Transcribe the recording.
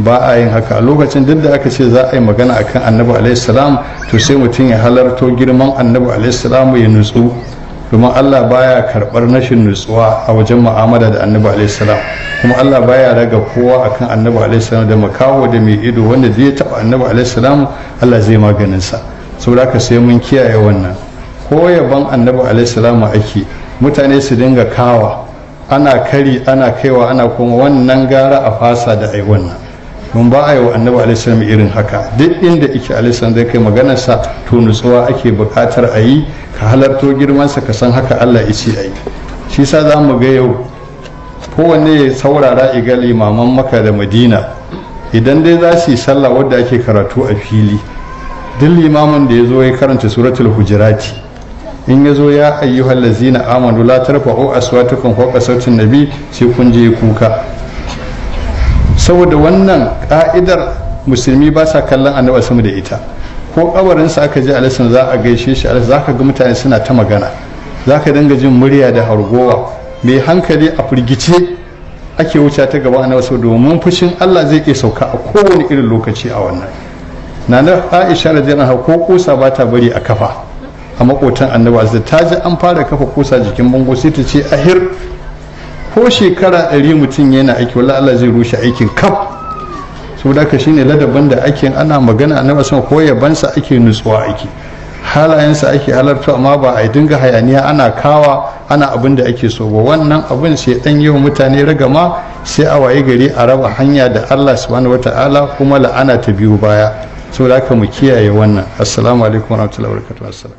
ba a yin haka a lokacin duk da aka ce za a yi magana akan annabi alaihissalam to sai mutum ya halarto girman annabi alaihissalam ya nutsu domin allah baya karɓar nashin nutsuwa a wajen mu'amala da annabi alaihissalam kuma allah baya raga kowa akan annabi alaihissalam da makaho da mai ido wanda zai taɓa annabi alaihissalam allah zai maganin sa saboda haka sai mun kiyaye wannan ko yaban annabi alaihissalam ake mutane su dinga kawa ana kari ana kaiwa ana kuma wannan gara a fasa da ai wannan mun ba a yi wa annabi alaihissalam irin haka duk inda ike alaihissalam zai kai maganarsa to nutsuwa ake buƙatar a yi ka halarto girmansa ka san haka allah ya ce a yi shi sa za mu ga yau kowanne ya saurara iga limaman maka da madina idan dai za su yi sallah wadda ake karatu a fili duk limamin da ya zo ya karanta suratul hujirati in ya zo ya ayyuhallazina amanu la tarfa'u aswatukum fawqa sautin nabi sai kun je kuka saboda wannan ka'idar musulmi ba sa kallon annabi sama da ita ko sa aka je alisan za a gaishe shi alisan za ka ga mutane suna ta magana za ka dinga jin murya da hargowa mai hankali a firgice ake wuce ta gaba annabi sau domin fushin Allah zai iya sauka a kowane irin lokaci a wannan nana Aisha radiyallahu anha ko kusa ba ta bari a kafa a makotan annabi azza ta ji an fara kafa kusa jikin bango sai ta ce ahir ko shekara ɗari mutum yana aiki wala Allah zai rushe aikin kaf saboda ka shine ladaban da ake ana magana a nama ko yabansa ake nutsuwa aiki halayensa ake halarta amma ba a dinga hayaniya ana kawa ana abin da ake so ba wannan abin sai dan yi mutane ragama sai a waye gari a raba hanya da Allah subhanahu wataala kuma la'ana ta biyu baya saboda haka mu kiyaye wannan assalamu alaikum warahmatullahi wabarakatuh